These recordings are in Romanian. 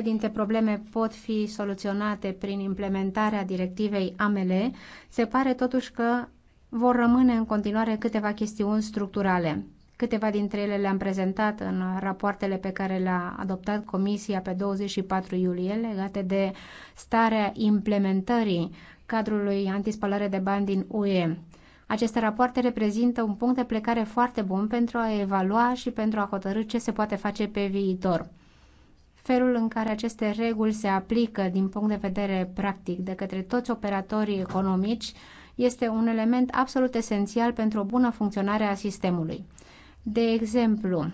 dintre probleme pot fi soluționate prin implementarea directivei AML, se pare totuși că vor rămâne în continuare câteva chestiuni structurale. Câteva dintre ele le-am prezentat în rapoartele pe care le-a adoptat Comisia pe 24 iulie legate de starea implementării cadrului antispălare de bani din UE. Aceste rapoarte reprezintă un punct de plecare foarte bun pentru a evalua și pentru a hotărâ ce se poate face pe viitor felul în care aceste reguli se aplică din punct de vedere practic de către toți operatorii economici este un element absolut esențial pentru o bună funcționare a sistemului. De exemplu,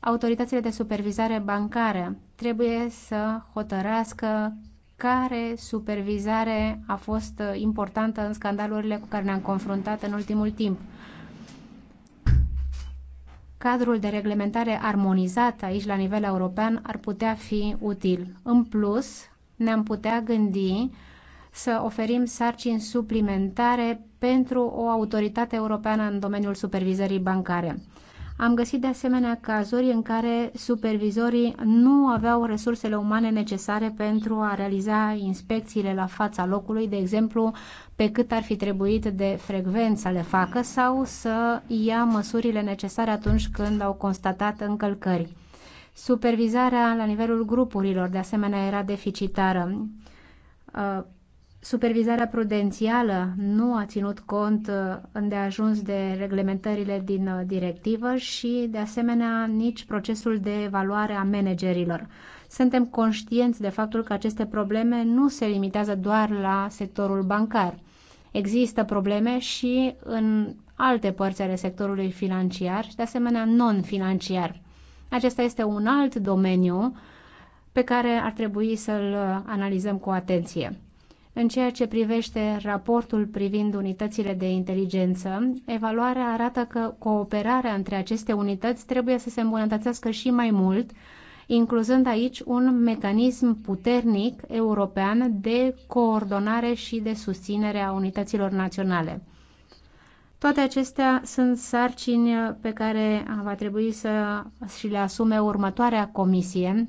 autoritățile de supervizare bancară trebuie să hotărască care supervizare a fost importantă în scandalurile cu care ne-am confruntat în ultimul timp cadrul de reglementare armonizat aici la nivel european ar putea fi util. În plus, ne-am putea gândi să oferim sarcini suplimentare pentru o autoritate europeană în domeniul supervizării bancare. Am găsit de asemenea cazuri în care supervizorii nu aveau resursele umane necesare pentru a realiza inspecțiile la fața locului, de exemplu, pe cât ar fi trebuit de frecvent să le facă sau să ia măsurile necesare atunci când au constatat încălcări. Supervizarea la nivelul grupurilor, de asemenea, era deficitară uh, Supervizarea prudențială nu a ținut cont uh, îndeajuns de reglementările din uh, directivă și, de asemenea, nici procesul de evaluare a managerilor. Suntem conștienți de faptul că aceste probleme nu se limitează doar la sectorul bancar. Există probleme și în alte părți ale sectorului financiar și, de asemenea, non-financiar. Acesta este un alt domeniu pe care ar trebui să-l uh, analizăm cu atenție. În ceea ce privește raportul privind unitățile de inteligență, evaluarea arată că cooperarea între aceste unități trebuie să se îmbunătățească și mai mult, incluzând aici un mecanism puternic european de coordonare și de susținere a unităților naționale. Toate acestea sunt sarcini pe care va trebui să și le asume următoarea comisie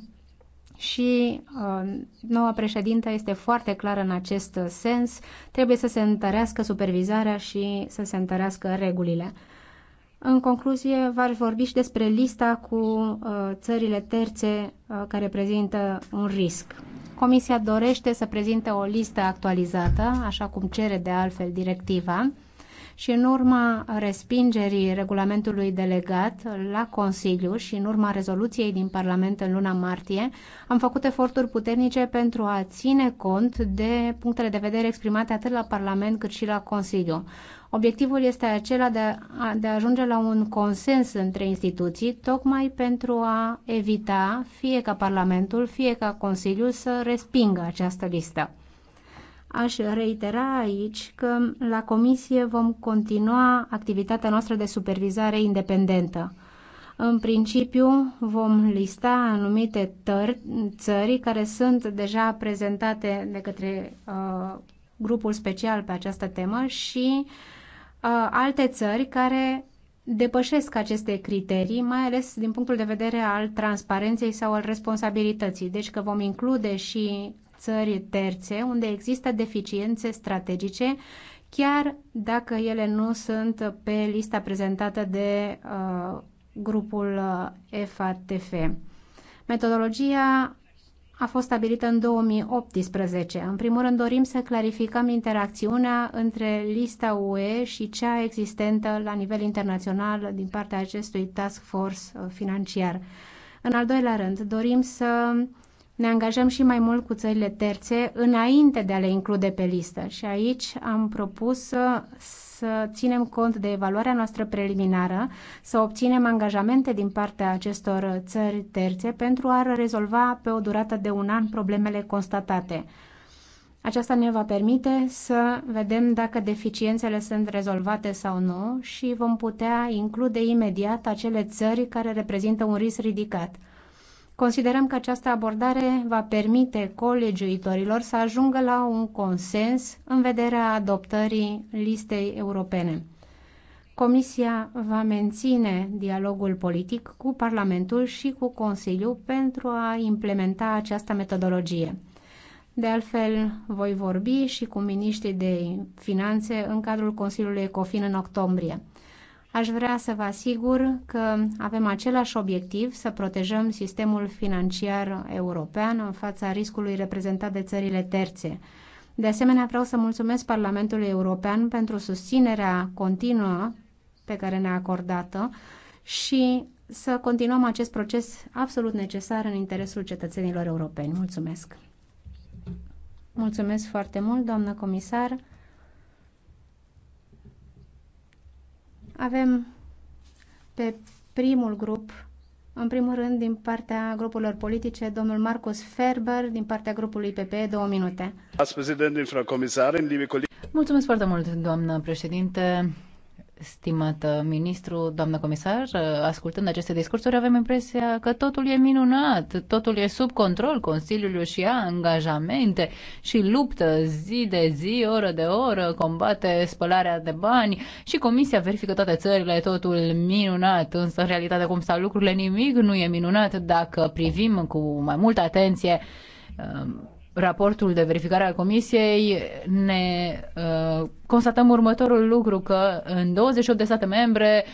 și uh, noua președintă este foarte clară în acest sens. Trebuie să se întărească supervizarea și să se întărească regulile. În concluzie, v-aș vorbi și despre lista cu uh, țările terțe uh, care prezintă un risc. Comisia dorește să prezinte o listă actualizată, așa cum cere de altfel directiva și în urma respingerii regulamentului delegat la Consiliu și în urma rezoluției din Parlament în luna martie, am făcut eforturi puternice pentru a ține cont de punctele de vedere exprimate atât la Parlament cât și la Consiliu. Obiectivul este acela de a, de a ajunge la un consens între instituții, tocmai pentru a evita fie ca Parlamentul, fie ca Consiliul să respingă această listă. Aș reitera aici că la Comisie vom continua activitatea noastră de supervizare independentă. În principiu, vom lista anumite țări care sunt deja prezentate de către uh, grupul special pe această temă și uh, alte țări care depășesc aceste criterii, mai ales din punctul de vedere al transparenței sau al responsabilității. Deci că vom include și țări terțe unde există deficiențe strategice, chiar dacă ele nu sunt pe lista prezentată de uh, grupul FATF. Uh, Metodologia a fost stabilită în 2018. În primul rând dorim să clarificăm interacțiunea între lista UE și cea existentă la nivel internațional din partea acestui task force uh, financiar. În al doilea rând, dorim să ne angajăm și mai mult cu țările terțe înainte de a le include pe listă. Și aici am propus să, să ținem cont de evaluarea noastră preliminară, să obținem angajamente din partea acestor țări terțe pentru a rezolva pe o durată de un an problemele constatate. Aceasta ne va permite să vedem dacă deficiențele sunt rezolvate sau nu și vom putea include imediat acele țări care reprezintă un risc ridicat. Considerăm că această abordare va permite colegiuitorilor să ajungă la un consens în vederea adoptării listei europene. Comisia va menține dialogul politic cu Parlamentul și cu Consiliul pentru a implementa această metodologie. De altfel, voi vorbi și cu miniștrii de finanțe în cadrul Consiliului Ecofin în octombrie. Aș vrea să vă asigur că avem același obiectiv să protejăm sistemul financiar european în fața riscului reprezentat de țările terțe. De asemenea, vreau să mulțumesc Parlamentului European pentru susținerea continuă pe care ne-a acordată și să continuăm acest proces absolut necesar în interesul cetățenilor europeni. Mulțumesc! Mulțumesc foarte mult, doamnă comisar! Avem pe primul grup, în primul rând din partea grupurilor politice, domnul Marcus Ferber, din partea grupului PPE, două minute. Mulțumesc foarte mult, doamnă președinte, stimată ministru, doamnă comisar, ascultând aceste discursuri avem impresia că totul e minunat, totul e sub control, Consiliul și ia angajamente și luptă zi de zi, oră de oră, combate spălarea de bani și Comisia verifică toate țările, totul minunat, însă în realitate cum stau lucrurile, nimic nu e minunat dacă privim cu mai multă atenție um, raportul de verificare al Comisiei ne uh, constatăm următorul lucru, că în 28 de state membre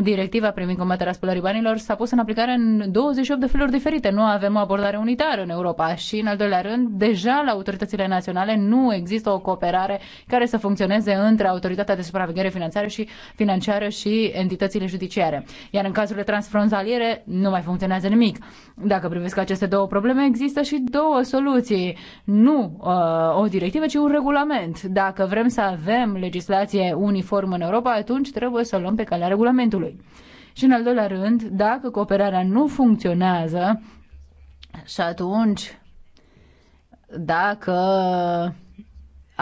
directiva privind combaterea spălării banilor s-a pus în aplicare în 28 de feluri diferite. Nu avem o abordare unitară în Europa și, în al doilea rând, deja la autoritățile naționale nu există o cooperare care să funcționeze între autoritatea de supraveghere financiară și, financiară și entitățile judiciare. Iar în cazurile transfrontaliere nu mai funcționează nimic. Dacă privesc aceste două probleme, există și două soluții. Nu uh, o directivă, ci un regulament. Dacă vrem să avem legislație uniformă în Europa, atunci trebuie să o luăm pe calea regulamentului Parlamentului. Și în al doilea rând, dacă cooperarea nu funcționează și atunci dacă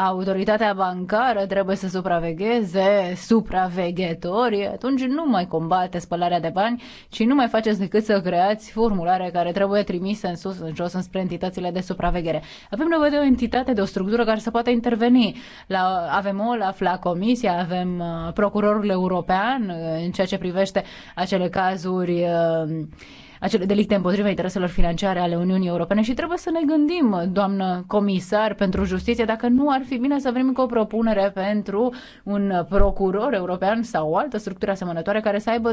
autoritatea bancară trebuie să supravegheze supraveghetorii, atunci nu mai combate spălarea de bani, ci nu mai faceți decât să creați formulare care trebuie trimise în sus, în jos, înspre entitățile de supraveghere. Avem nevoie de o entitate, de o structură care să poată interveni. La, avem OLAF, la Comisia, avem uh, procurorul european uh, în ceea ce privește acele cazuri uh, acele delicte împotriva intereselor financiare ale Uniunii Europene și trebuie să ne gândim, doamnă comisar pentru justiție, dacă nu ar fi bine să venim cu o propunere pentru un procuror european sau o altă structură asemănătoare care să aibă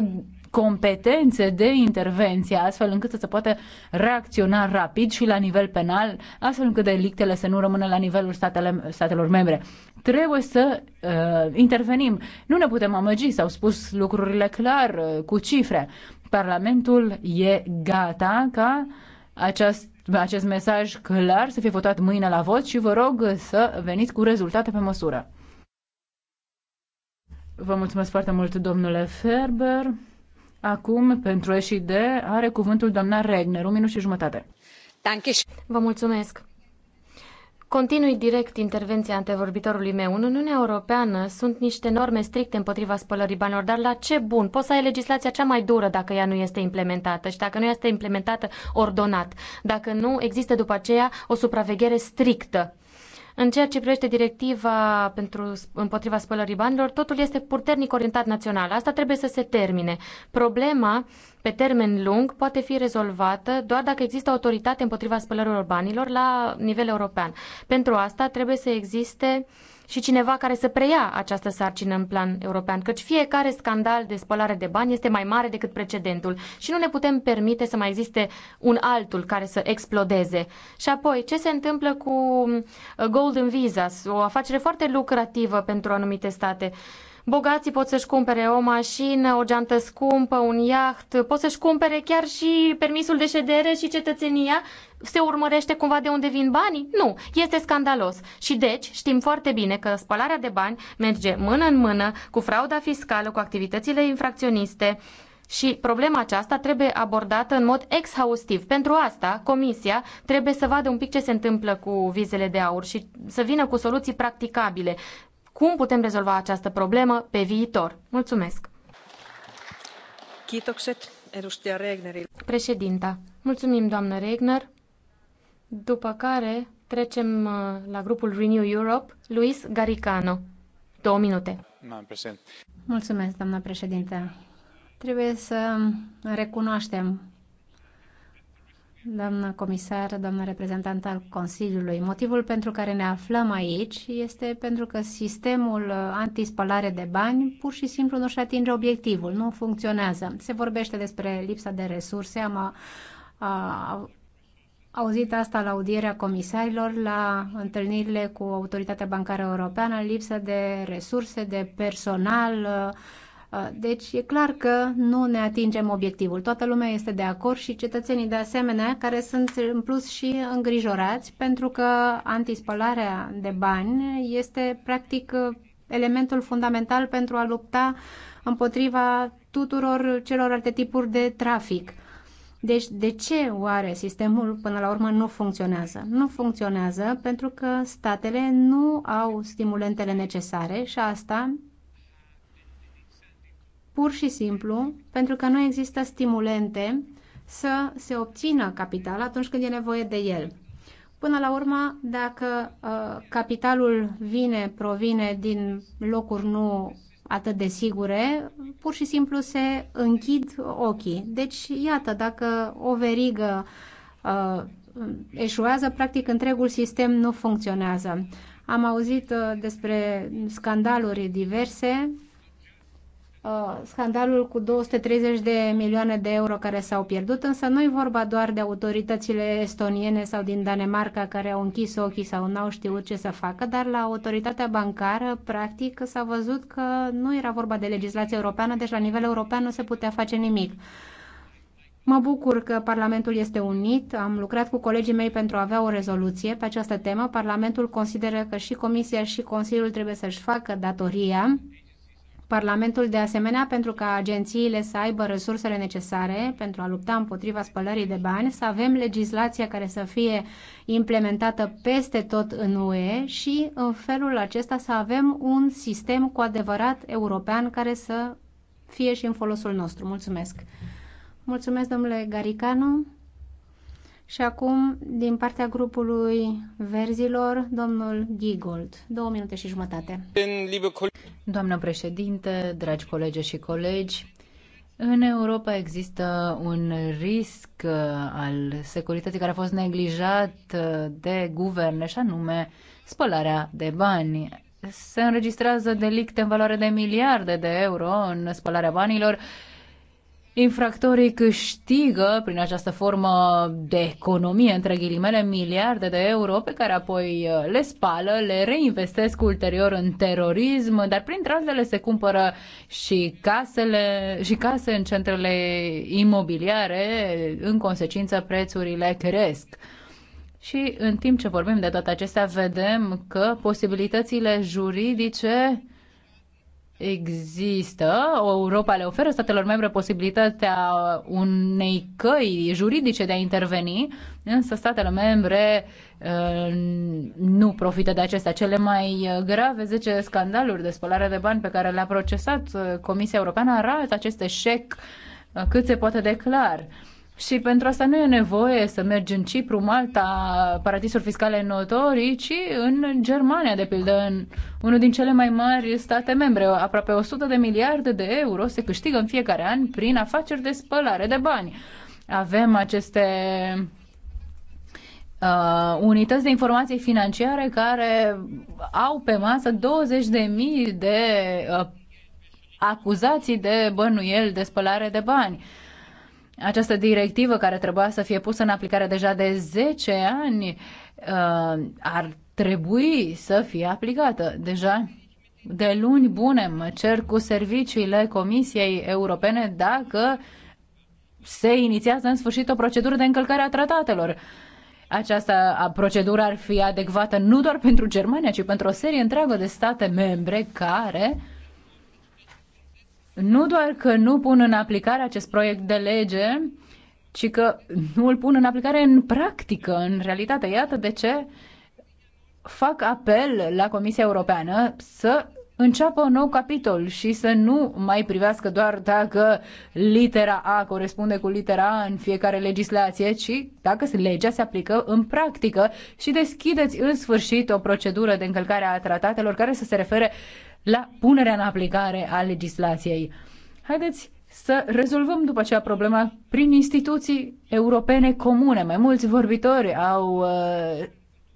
competențe de intervenție, astfel încât să se poată reacționa rapid și la nivel penal, astfel încât delictele să nu rămână la nivelul statele, statelor membre. Trebuie să uh, intervenim. Nu ne putem amăgi, s-au spus lucrurile clar, uh, cu cifre. Parlamentul e gata ca acest, acest mesaj clar să fie votat mâine la vot și vă rog să veniți cu rezultate pe măsură. Vă mulțumesc foarte mult, domnule Ferber. Acum, pentru SID, are cuvântul doamna Regner, un minut și jumătate. Vă mulțumesc. Continui direct intervenția antevorbitorului meu. În Uniunea Europeană sunt niște norme stricte împotriva spălării banilor, dar la ce bun? Poți să ai legislația cea mai dură dacă ea nu este implementată și dacă nu este implementată ordonat, dacă nu există după aceea o supraveghere strictă. În ceea ce privește directiva pentru, împotriva spălării banilor, totul este puternic orientat național. Asta trebuie să se termine. Problema pe termen lung poate fi rezolvată doar dacă există autoritate împotriva spălărilor banilor la nivel european. Pentru asta trebuie să existe uh, și cineva care să preia această sarcină în plan european, căci fiecare scandal de spălare de bani este mai mare decât precedentul și nu ne putem permite să mai existe un altul care să explodeze. Și apoi, ce se întâmplă cu uh, Golden Visas, o afacere foarte lucrativă pentru anumite state? Uh, Bogații pot să-și cumpere o mașină, o geantă scumpă, un iaht, pot să-și cumpere chiar și permisul de ședere și cetățenia. Se urmărește cumva de unde vin banii? Nu, este scandalos. Și deci știm foarte bine că spălarea de bani merge mână în mână cu frauda fiscală, cu activitățile infracționiste, și problema aceasta trebuie abordată în mod exhaustiv. Pentru asta, Comisia trebuie să vadă un pic ce se întâmplă cu vizele de aur și să vină cu soluții practicabile cum putem rezolva această problemă pe viitor. Mulțumesc! Chitocset, edustaja Președinta, mulțumim, doamnă Regner. După care trecem uh, la grupul Renew Europe, Luis Garicano. Două minute. Mulțumesc, doamnă președinte. Trebuie să recunoaștem doamnă comisar, doamnă reprezentant al Consiliului. Motivul pentru care ne aflăm aici este pentru că sistemul antispălare de bani pur și simplu nu-și atinge obiectivul, nu funcționează. Se vorbește despre lipsa de resurse, am a, a, auzit asta la audierea comisarilor, la întâlnirile cu Autoritatea Bancară Europeană, Lipsa de resurse, de personal, A, deci e clar că nu ne atingem obiectivul. Toată lumea este de acord și cetățenii de asemenea, care sunt în plus și îngrijorați pentru că antispălarea de bani este practic elementul fundamental pentru a lupta împotriva tuturor celor alte tipuri de trafic. Deci, de ce oare sistemul până la urmă nu funcționează? Nu funcționează pentru că statele nu au stimulentele necesare și asta pur și simplu pentru că nu există stimulente să se obțină capital atunci când e nevoie de el. Până la urmă, dacă uh, capitalul vine, provine din locuri nu atât de sigure, pur și simplu se închid ochii. Deci, iată, dacă o verigă uh, eșuează, practic întregul sistem nu funcționează. Am auzit uh, despre scandaluri diverse Uh, scandalul cu 230 de milioane de euro care s-au pierdut, însă nu e vorba doar de autoritățile estoniene sau din Danemarca care au închis ochii sau n-au știut ce să facă, dar la autoritatea bancară, practic, s-a văzut că nu era vorba de legislație europeană, deci la nivel european nu se putea face nimic. Mă bucur că Parlamentul este unit. Am lucrat cu colegii mei pentru a avea o rezoluție pe această temă. Parlamentul consideră că și Comisia și Consiliul trebuie să-și facă datoria Parlamentul de asemenea pentru ca agențiile să aibă resursele necesare pentru a lupta împotriva spălării de bani, să avem legislația care să fie implementată peste tot în UE și în felul acesta să avem un sistem cu adevărat european care să fie și în folosul nostru. Mulțumesc! Mulțumesc, domnule Garicanu. Și acum, din partea grupului Verzilor, domnul Gigold. Două minute și jumătate. Doamnă președinte, dragi colegi și colegi, în Europa există un risc uh, al securității care a fost neglijat uh, de guverne și anume spălarea de bani. Se înregistrează delicte în valoare de miliarde de euro în spălarea banilor Infractorii câștigă prin această formă de economie, între ghilimele, miliarde de euro pe care apoi uh, le spală, le reinvestesc ulterior în terorism, dar printre altele se cumpără și, casele, și case în centrele imobiliare, în consecință prețurile cresc. Și în timp ce vorbim de toate acestea, vedem că posibilitățile juridice există, Europa le oferă statelor membre posibilitatea unei căi juridice de a interveni, însă statele membre uh, nu profită de acestea. Cele mai grave 10 scandaluri de spălare de bani pe care le-a procesat uh, Comisia Europeană arată acest eșec uh, cât se poate de clar. Și pentru asta nu e nevoie să mergi în Cipru, Malta, paradisuri fiscale notorii, ci în Germania, de pildă, în unul din cele mai mari state membre. Aproape 100 de miliarde de euro se câștigă în fiecare an prin afaceri de spălare de bani. Avem aceste uh, unități de informații financiare care au pe masă 20.000 de uh, acuzații de bănuieli de spălare de bani. Uh, această directivă care trebuia să fie pusă în aplicare deja de 10 ani uh, ar trebui să fie aplicată deja de luni bune mă cer cu serviciile Comisiei Europene dacă se inițiază în sfârșit o procedură de încălcare a tratatelor. Această procedură ar fi adecvată nu doar pentru Germania, ci pentru o serie întreagă de state membre care nu doar că nu pun în aplicare acest proiect de lege, ci că nu îl pun în aplicare în practică, în realitate. Iată de ce fac apel la Comisia Europeană să înceapă un nou capitol și să nu mai privească doar dacă litera A corespunde cu litera A în fiecare legislație, ci dacă legea se aplică în practică și deschideți în sfârșit o procedură de încălcare a tratatelor care să se refere la punerea în aplicare a legislației. Haideți să rezolvăm după aceea problema prin instituții europene comune. Mai mulți vorbitori au uh,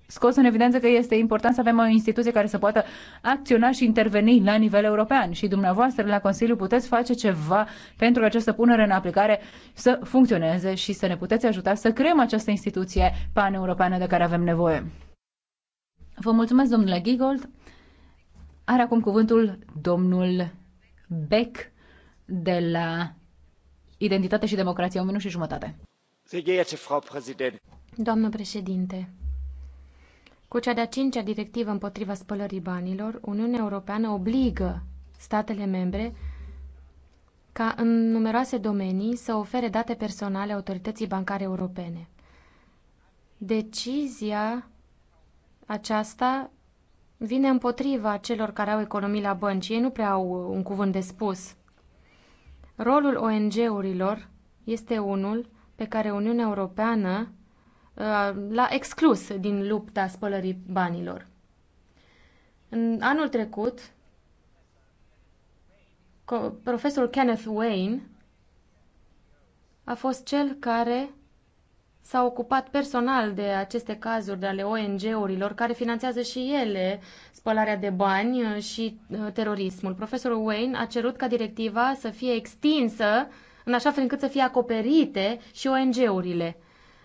scos în evidență că este important să avem o instituție care să poată acționa și interveni la nivel european și dumneavoastră la Consiliu puteți face ceva pentru că această punere în aplicare să funcționeze și să ne puteți ajuta să creăm această instituție paneuropeană de care avem nevoie. Vă mulțumesc, domnule Gigold. Are acum cuvântul domnul Beck de la Identitate și Democrație, un minut și jumătate. Doamnă președinte, cu cea de-a cincea directivă împotriva spălării banilor, Uniunea Europeană obligă statele membre ca în numeroase domenii să ofere date personale autorității bancare europene. Decizia aceasta vine împotriva celor care au economii la bănci. Ei nu prea au un cuvânt de spus. Rolul ONG-urilor este unul pe care Uniunea Europeană uh, l-a exclus din lupta spălării banilor. În anul trecut, profesorul Kenneth Wayne a fost cel care s-a ocupat personal de aceste cazuri de ale ONG-urilor care finanțează și ele spălarea de bani uh, și uh, terorismul. Profesorul Wayne a cerut ca directiva să fie extinsă în așa fel încât să fie acoperite și ONG-urile.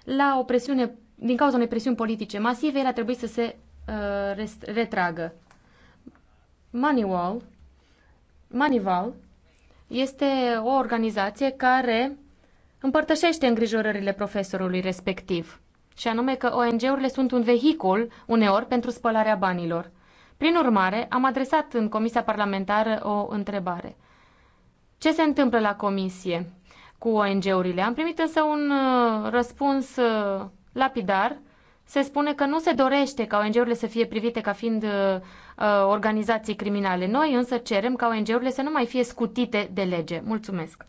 La o presiune, din cauza unei presiuni politice masive, el a trebuit să se uh, retragă. Moneywall, Moneyval, este o organizație care împărtășește îngrijorările profesorului respectiv, și anume că ONG-urile sunt un vehicul, uneori, pentru spălarea banilor. Prin urmare, am adresat în Comisia Parlamentară o întrebare. Ce se întâmplă la Comisie cu ONG-urile? Am primit însă un uh, răspuns uh, lapidar. Se spune că nu se dorește ca ONG-urile să fie privite ca fiind uh, uh, organizații criminale. Noi însă cerem ca ONG-urile să nu mai fie scutite de lege. Mulțumesc!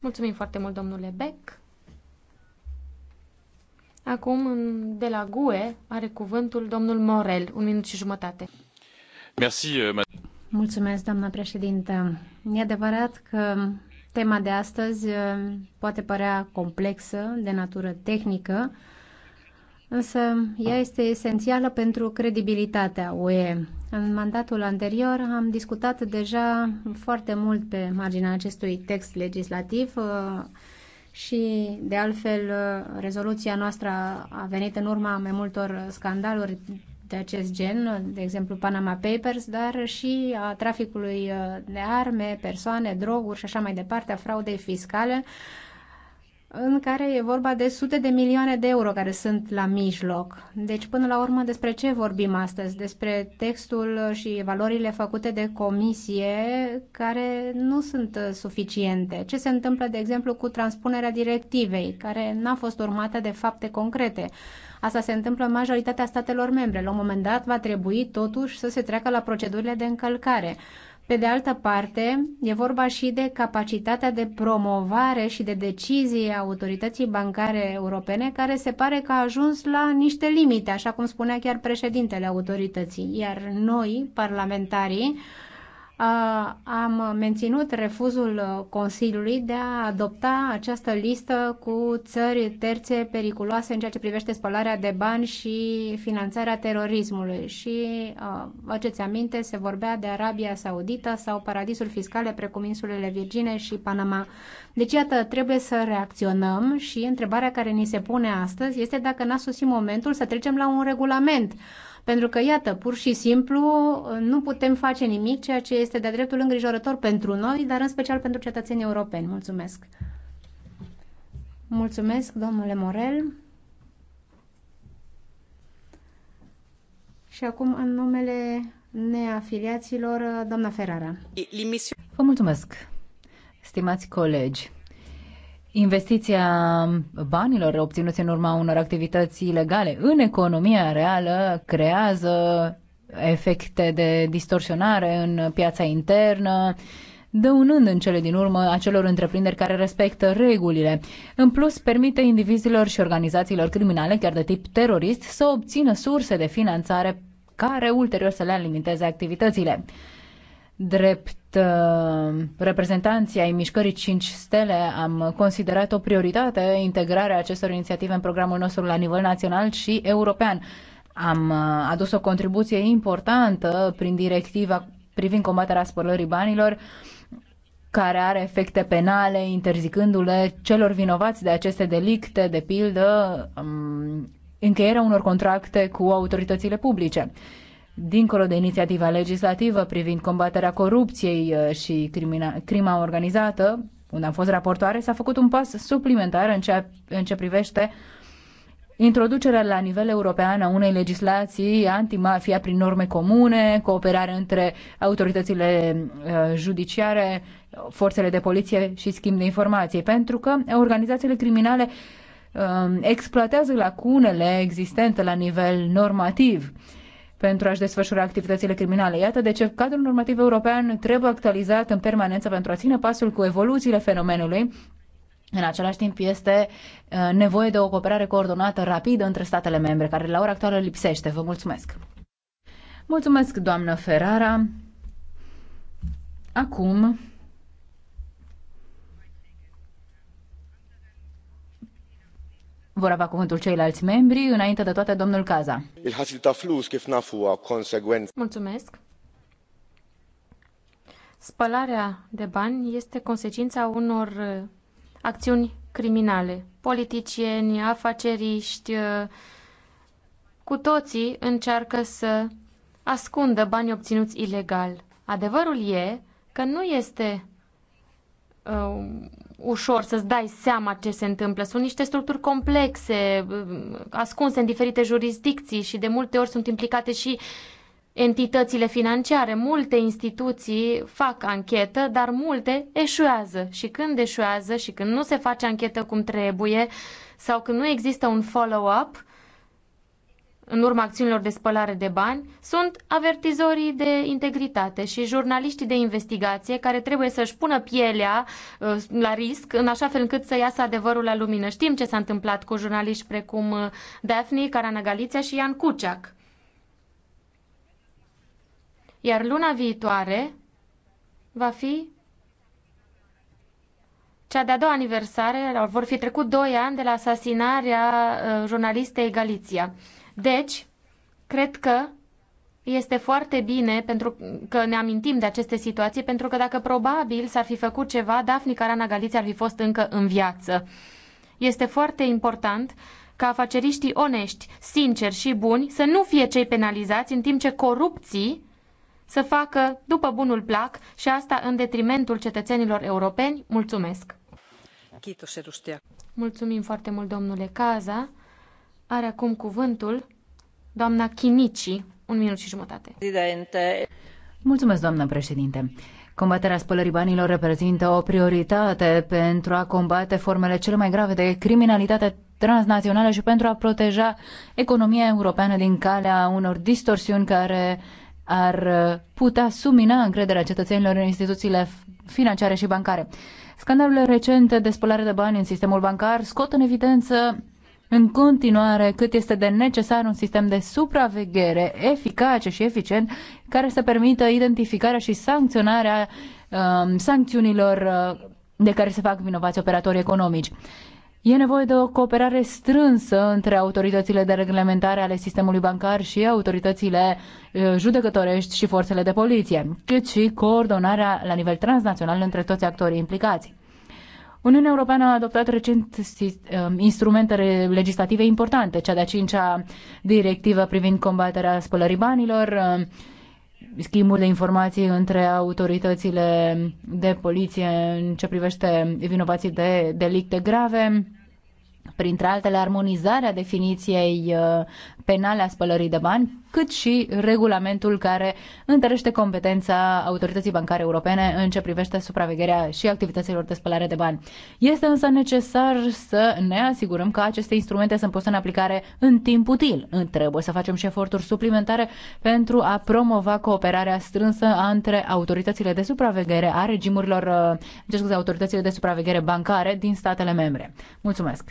Mulțumim foarte mult, domnule Beck. Acum, de la GUE, are cuvântul domnul Morel, un minut și jumătate. Euh, Mulțumesc, doamna președintă. E adevărat că tema de astăzi euh, poate părea complexă, de natură tehnică, însă ea este esențială pentru credibilitatea UE. În mandatul anterior am discutat deja foarte mult pe marginea acestui text legislativ uh, și, de altfel, uh, rezoluția noastră a venit în urma mai multor scandaluri de acest gen, de exemplu Panama Papers, dar și a traficului uh, de arme, persoane, droguri și așa mai departe, a fraudei fiscale, în care e vorba de sute de milioane de euro care sunt la mijloc. Deci, până la urmă, despre ce vorbim astăzi? Despre textul și valorile făcute de comisie care nu sunt suficiente. Ce se întâmplă, de exemplu, cu transpunerea directivei, care n-a fost urmată de fapte concrete? Asta se întâmplă în majoritatea statelor membre. La un moment dat va trebui, totuși, să se treacă la procedurile de încălcare. Pe de altă parte, e vorba și de capacitatea de promovare și de decizie a autorității bancare europene, care se pare că a ajuns la niște limite, așa cum spunea chiar președintele autorității. Iar noi, parlamentarii, am menținut refuzul Consiliului de a adopta această listă cu țări terțe periculoase în ceea ce privește spălarea de bani și finanțarea terorismului. Și, vă ceți aminte, se vorbea de Arabia Saudită sau paradisuri fiscale precum insulele Virgine și Panama. Deci, iată, trebuie să reacționăm și întrebarea care ni se pune astăzi este dacă n-a sosit momentul să trecem la un regulament pentru că, iată, pur și simplu nu putem face nimic, ceea ce este de-a dreptul îngrijorător pentru noi, dar în special pentru cetățenii europeni. Mulțumesc! Mulțumesc, domnule Morel. Și acum, în numele neafiliaților, doamna Ferrara. Vă mulțumesc, stimați colegi investiția banilor obținuți în urma unor activități ilegale în economia reală creează efecte de distorsionare în piața internă, dăunând în cele din urmă acelor întreprinderi care respectă regulile. În plus, permite indivizilor și organizațiilor criminale, chiar de tip terorist, să obțină surse de finanțare care ulterior să le alimenteze activitățile. Drept Uh, reprezentanții ai Mișcării 5 Stele am considerat o prioritate integrarea acestor inițiative în programul nostru la nivel național și european. Am uh, adus o contribuție importantă prin directiva privind combaterea spălării banilor, care are efecte penale, interzicându-le celor vinovați de aceste delicte, de pildă, um, încheierea unor contracte cu autoritățile publice dincolo de inițiativa legislativă privind combaterea corupției uh, și crimina, crima organizată, unde am fost raportoare, s-a făcut un pas suplimentar în ce, în ce privește introducerea la nivel european a unei legislații antimafia prin norme comune, cooperare între autoritățile uh, judiciare, forțele de poliție și schimb de informații, pentru că organizațiile criminale uh, exploatează lacunele existente la nivel normativ pentru a-și desfășura activitățile criminale. Iată de ce cadrul normativ european trebuie actualizat în permanență pentru a ține pasul cu evoluțiile fenomenului. În același timp este uh, nevoie de o cooperare coordonată rapidă între statele membre, care la ora actuală lipsește. Vă mulțumesc! Mulțumesc, doamnă Ferrara! Acum Vor avea cuvântul ceilalți membri, înainte de toate domnul Caza. Mulțumesc. Spălarea de bani este consecința unor uh, acțiuni criminale. Politicieni, afaceriști, uh, cu toții încearcă să ascundă bani obținuți ilegal. Adevărul e că nu este uh, ușor să-ți dai seama ce se întâmplă. Sunt niște structuri complexe, uh, ascunse în diferite jurisdicții și de multe ori sunt implicate și entitățile financiare. Multe instituții fac anchetă, dar multe eșuează. Și când eșuează și când nu se face anchetă cum trebuie sau când nu există un follow-up, în urma acțiunilor de spălare de bani sunt avertizorii de integritate și jurnaliștii de investigație care trebuie să-și pună pielea uh, la risc în așa fel încât să iasă adevărul la lumină. Știm ce s-a întâmplat cu jurnaliști precum uh, Daphne Caranagaliția și Ian Cuceac. Iar luna viitoare va fi cea de-a doua aniversare, vor fi trecut doi ani de la asasinarea uh, jurnalistei Galiția. Deci, cred că este foarte bine pentru că ne amintim de aceste situații, pentru că dacă probabil s-ar fi făcut ceva, Dafni Carana Galiția ar fi fost încă în viață. Este foarte important ca afaceriștii onești, sinceri și buni să nu fie cei penalizați, în timp ce corupții să facă după bunul plac și asta în detrimentul cetățenilor europeni. Mulțumesc! Mulțumim foarte mult, domnule Caza. Are acum cuvântul doamna Chinici, un minut și jumătate. Presidente. Mulțumesc, doamnă președinte. Combaterea spălării banilor reprezintă o prioritate pentru a combate formele cele mai grave de criminalitate transnațională și pentru a proteja economia europeană din calea unor distorsiuni care ar putea sumina încrederea cetățenilor în instituțiile financiare și bancare. Scandalurile recente de spălare de bani în sistemul bancar scot în evidență în continuare cât este de necesar un sistem de supraveghere eficace și eficient care să permită identificarea și sancționarea uh, sancțiunilor uh, de care se fac vinovați operatorii economici. E nevoie de o cooperare strânsă între autoritățile de reglementare ale sistemului bancar și autoritățile judecătorești și forțele de poliție, cât și coordonarea la nivel transnațional între toți actorii implicați. Uniunea Europeană a adoptat recent instrumente legislative importante, cea de-a cincea directivă privind combaterea spălării banilor, schimbul de informații între autoritățile de poliție în ce privește vinovații de delicte grave printre altele armonizarea definiției uh, penale a spălării de bani, cât și regulamentul care întărește competența autorității bancare europene în ce privește supravegherea și activităților de spălare de bani. Este însă necesar să ne asigurăm că aceste instrumente sunt puse în aplicare în timp util. Trebuie să facem și eforturi suplimentare pentru a promova cooperarea strânsă între autoritățile de supraveghere a regimurilor, uh, scuze, autoritățile de supraveghere bancare din statele membre. Mulțumesc!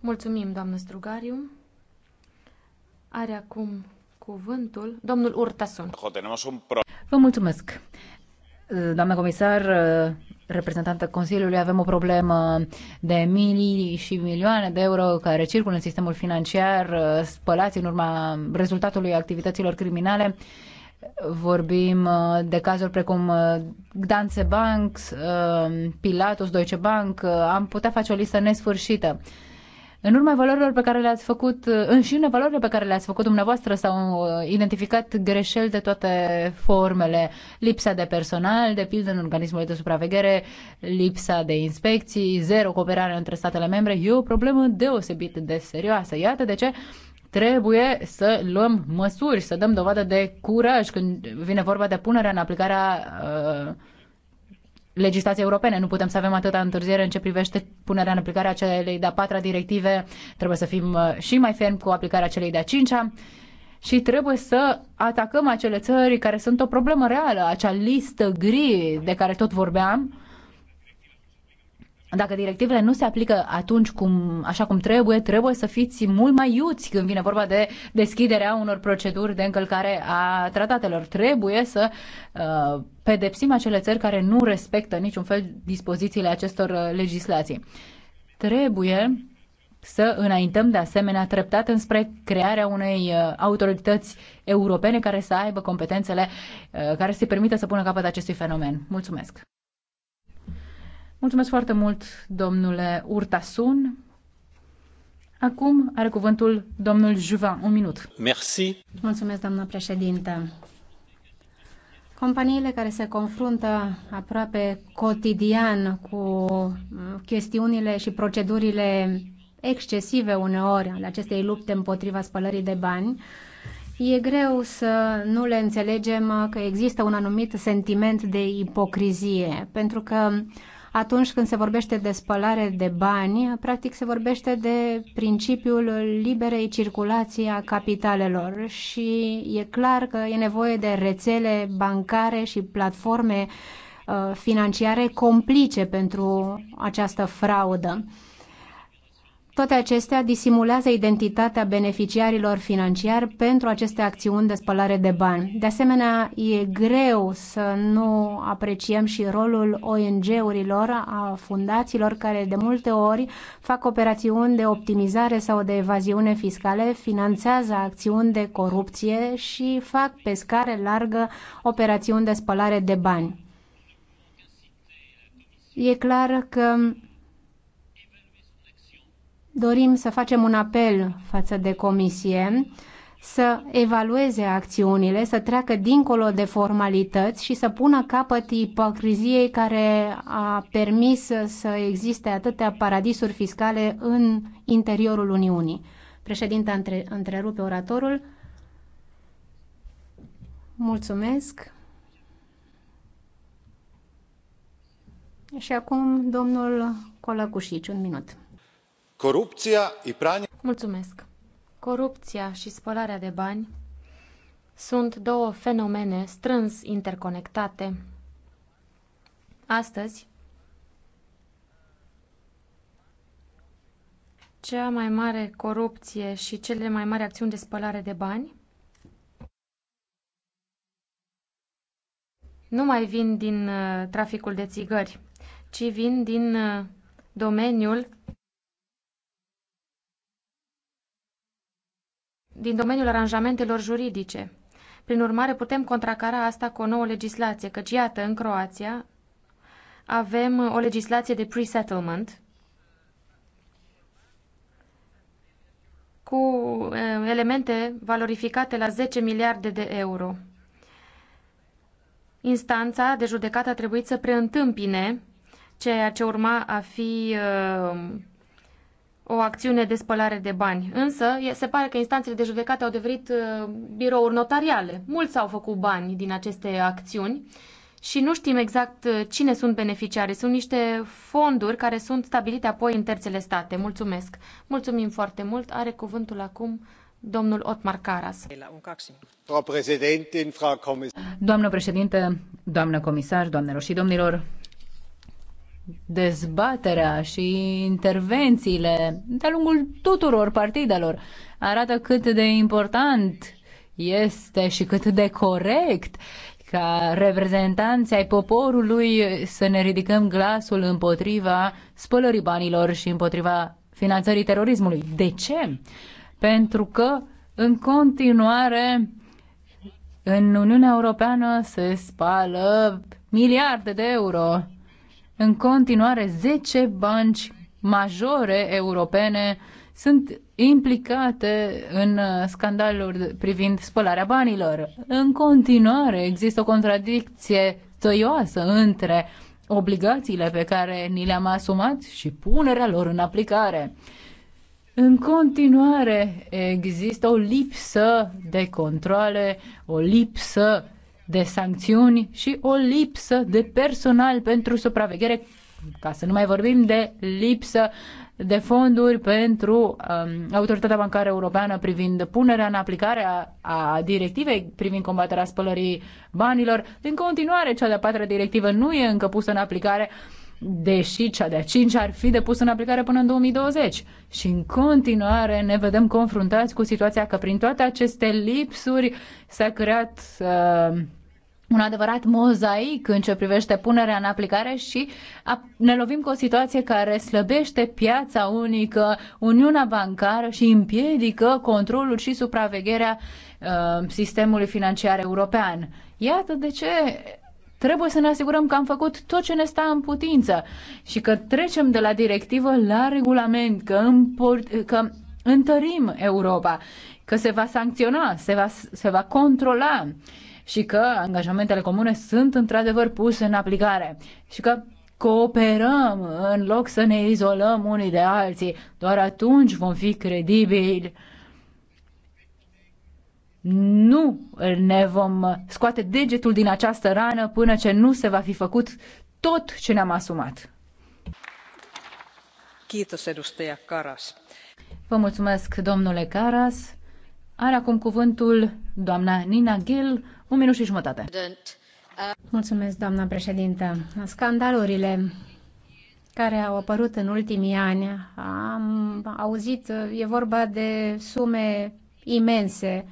Mulțumim, doamnă Strugariu. Are acum cuvântul domnul Urtasun. Vă mulțumesc. Doamna comisar, reprezentantă Consiliului, avem o problemă de mii și milioane de euro care circulă în sistemul financiar, spălați în urma rezultatului activităților criminale. Vorbim uh, de cazuri precum uh, Danse Banks, uh, Pilatus, Deutsche Bank, am putea face o listă nesfârșită. În urma valorilor pe care le-ați făcut, și în valorile pe care le-ați făcut dumneavoastră s-au identificat greșeli de toate formele. Lipsa de personal, de pildă în organismul de supraveghere, lipsa de inspecții, zero cooperare între statele membre, e o problemă deosebit de serioasă. Iată de ce Trebuie să luăm măsuri, să dăm dovadă de curaj când vine vorba de punerea în aplicarea uh, legislației europene. Nu putem să avem atâta întârziere în ce privește punerea în aplicare a celei de-a patra directive. Trebuie să fim uh, și mai ferm cu aplicarea celei de-a cincea și trebuie să atacăm acele țări care sunt o problemă reală, acea listă gri de care tot vorbeam dacă directivele nu se aplică atunci cum, așa cum trebuie, trebuie să fiți mult mai iuți când vine vorba de deschiderea unor proceduri de încălcare a tratatelor. Trebuie să uh, pedepsim acele țări care nu respectă niciun fel dispozițiile acestor uh, legislații. Trebuie să înaintăm de asemenea treptat înspre crearea unei uh, autorități europene care să aibă competențele uh, care să permită să pună capăt acestui fenomen. Mulțumesc! Mulțumesc foarte mult, domnule Urtasun. Acum are cuvântul domnul Juvan. Un minut. Merci. Mulțumesc, doamnă președintă. Companiile care se confruntă aproape cotidian cu chestiunile și procedurile excesive uneori ale acestei lupte împotriva spălării de bani, E greu să nu le înțelegem că există un anumit sentiment de ipocrizie, pentru că uh, atunci când se vorbește de spălare de bani, practic se vorbește de principiul liberei circulații a capitalelor și e clar că e nevoie de rețele bancare și platforme uh, financiare complice pentru această fraudă. Toate acestea disimulează identitatea beneficiarilor financiari pentru aceste acțiuni de spălare de bani. De asemenea, e greu să nu apreciem și rolul ONG-urilor, a fundațiilor care de multe ori fac operațiuni de optimizare sau de evaziune fiscale, finanțează acțiuni de corupție și fac pe scară largă operațiuni de spălare de bani. E clar că dorim să facem un apel față de comisie să evalueze acțiunile, să treacă dincolo de formalități și să pună capăt ipocriziei care a permis să existe atâtea paradisuri fiscale în interiorul Uniunii. Președinta între, întrerupe oratorul. Mulțumesc. Și acum domnul Colăcușici, un minut. Corupția și pranje... Mulțumesc. Corupția și spălarea de bani sunt două fenomene strâns interconectate. Astăzi, cea mai mare corupție și cele mai mari acțiuni de spălare de bani nu mai vin din uh, traficul de țigări, ci vin din uh, domeniul din domeniul aranjamentelor juridice. Prin urmare, putem contracara asta cu o nouă legislație, căci iată, în Croația avem o legislație de pre-settlement cu elemente valorificate la 10 miliarde de euro. Instanța de judecată a trebuit să preîntâmpine ceea ce urma a fi o acțiune de spălare de bani. Însă, se pare că instanțele de judecată au devenit uh, birouri notariale. Mulți au făcut bani din aceste acțiuni și nu știm exact uh, cine sunt beneficiarii. Sunt niște fonduri care sunt stabilite apoi în terțele state. Mulțumesc. Mulțumim foarte mult. Are cuvântul acum domnul Otmar Caras. Doamnă președinte, doamnă comisar, doamnelor și domnilor, dezbaterea și intervențiile de-a lungul tuturor partidelor arată cât de important este și cât de corect ca reprezentanți ai poporului să ne ridicăm glasul împotriva spălării banilor și împotriva finanțării terorismului. De ce? Pentru că în continuare în Uniunea Europeană se spală miliarde de euro în continuare, 10 bănci majore europene sunt implicate în uh, scandaluri privind spălarea banilor. În continuare, există o contradicție tăioasă între obligațiile pe care ni le-am asumat și punerea lor în aplicare. În continuare există o lipsă de controle, o lipsă de sancțiuni și o lipsă de personal pentru supraveghere, ca să nu mai vorbim de lipsă de fonduri pentru um, Autoritatea Bancară Europeană privind punerea în aplicare a, a directivei privind combaterea spălării banilor. În continuare, cea de-a patra directivă nu e încă pusă în aplicare. Uh, deși cea de-a cincea ar fi depusă în aplicare până în 2020. Și în continuare ne vedem confruntați cu situația că prin toate aceste lipsuri s-a creat uh, un adevărat mozaic în ce privește punerea în aplicare și ne lovim cu o situație care slăbește piața unică, Uniunea Bancară și împiedică controlul și supravegherea uh, sistemului financiar european. Iată de ce Trebuie să ne asigurăm că am făcut tot ce ne sta în putință și că trecem de la directivă la regulament, că, împor- că întărim Europa, că se va sancționa, se va, se va controla și că angajamentele comune sunt într-adevăr puse în aplicare și că cooperăm în loc să ne izolăm unii de alții. Doar atunci vom fi credibili nu ne vom scoate degetul din această rană până ce nu se va fi făcut tot ce ne-am asumat. Vă mulțumesc, domnule Caras. Are acum cuvântul doamna Nina Gill, un minut și jumătate. Mulțumesc, doamna președintă. Scandalurile care au apărut în ultimii ani, am auzit, e vorba de sume imense,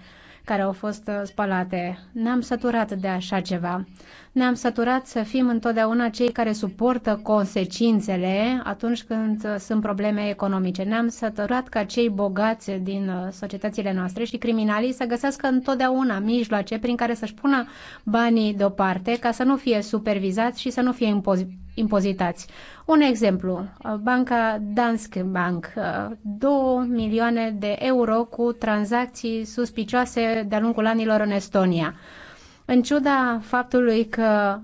care au fost uh, spălate. Ne-am săturat de așa ceva. Ne-am săturat să fim întotdeauna cei care suportă consecințele atunci când uh, sunt probleme economice. Ne-am săturat ca cei bogați din uh, societățile noastre și criminalii să găsească întotdeauna mijloace prin care să-și pună banii deoparte ca să nu fie supervizați și să nu fie impozitați. Un exemplu, banca Danske Bank, 2 milioane de euro cu tranzacții suspicioase de-a lungul anilor în Estonia. În ciuda faptului că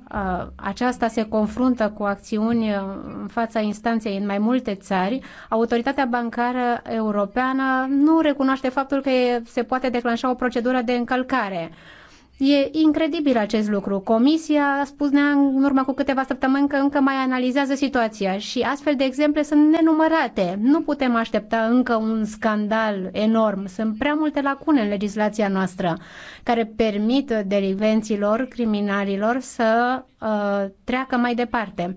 aceasta se confruntă cu acțiuni în fața instanței în mai multe țări, autoritatea bancară europeană nu recunoaște faptul că se poate declanșa o procedură de încălcare. E incredibil acest lucru. Comisia a spus ne în urmă cu câteva săptămâni că încă mai analizează situația și astfel de exemple sunt nenumărate. Nu putem aștepta încă un scandal enorm. Sunt prea multe lacune în legislația noastră care permit derivenților, criminalilor să uh, treacă mai departe.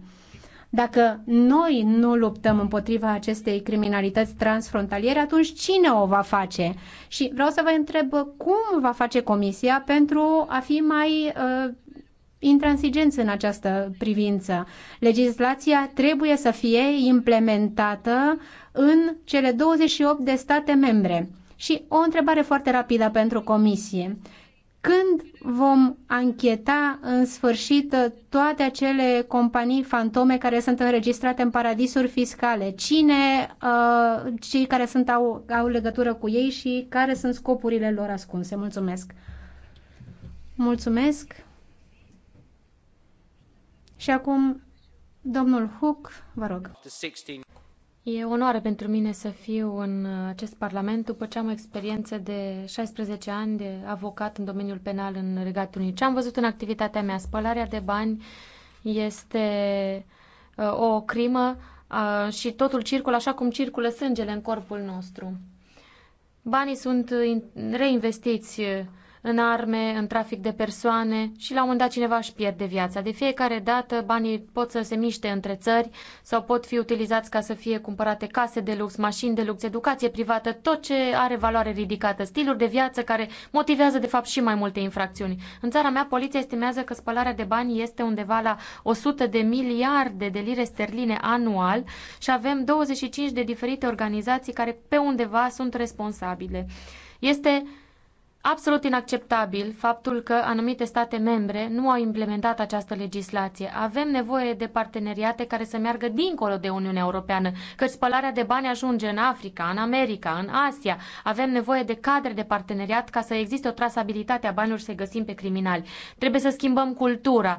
Dacă noi nu luptăm împotriva acestei criminalități transfrontaliere, atunci cine o va face? Și vreau să vă întreb cum va face Comisia pentru a fi mai uh, intransigenți în această privință. Legislația trebuie să fie implementată în cele 28 de state membre. Și o întrebare foarte rapidă pentru Comisie. Când vom ancheta în sfârșit toate acele companii fantome care sunt înregistrate în paradisuri fiscale? Cine, uh, cei care sunt au, au legătură cu ei și care sunt scopurile lor ascunse? Mulțumesc! Mulțumesc! Și acum, domnul Hook, vă rog. E onoare pentru mine să fiu în acest parlament după ce am o experiență de 16 ani de avocat în domeniul penal în Regatul Unit. Ce am văzut în activitatea mea? Spălarea de bani este uh, o crimă uh, și totul circulă așa cum circulă sângele în corpul nostru. Banii sunt reinvestiți în arme, în trafic de persoane și la un moment dat cineva își pierde viața. De fiecare dată banii pot să se miște între țări sau pot fi utilizați ca să fie cumpărate case de lux, mașini de lux, educație privată, tot ce are valoare ridicată, stiluri de viață care motivează de fapt și mai multe infracțiuni. În țara mea, poliția estimează că spălarea de bani este undeva la 100 de miliarde de lire sterline anual și avem 25 de diferite organizații care pe undeva sunt responsabile. Este absolut inacceptabil faptul că anumite state membre nu au implementat această legislație. Avem nevoie de parteneriate care să meargă dincolo de Uniunea Europeană, căci spălarea de bani ajunge în Africa, în America, în Asia. Avem nevoie de cadre de parteneriat ca să existe o trasabilitate a banilor și să găsim pe criminali. Trebuie să schimbăm cultura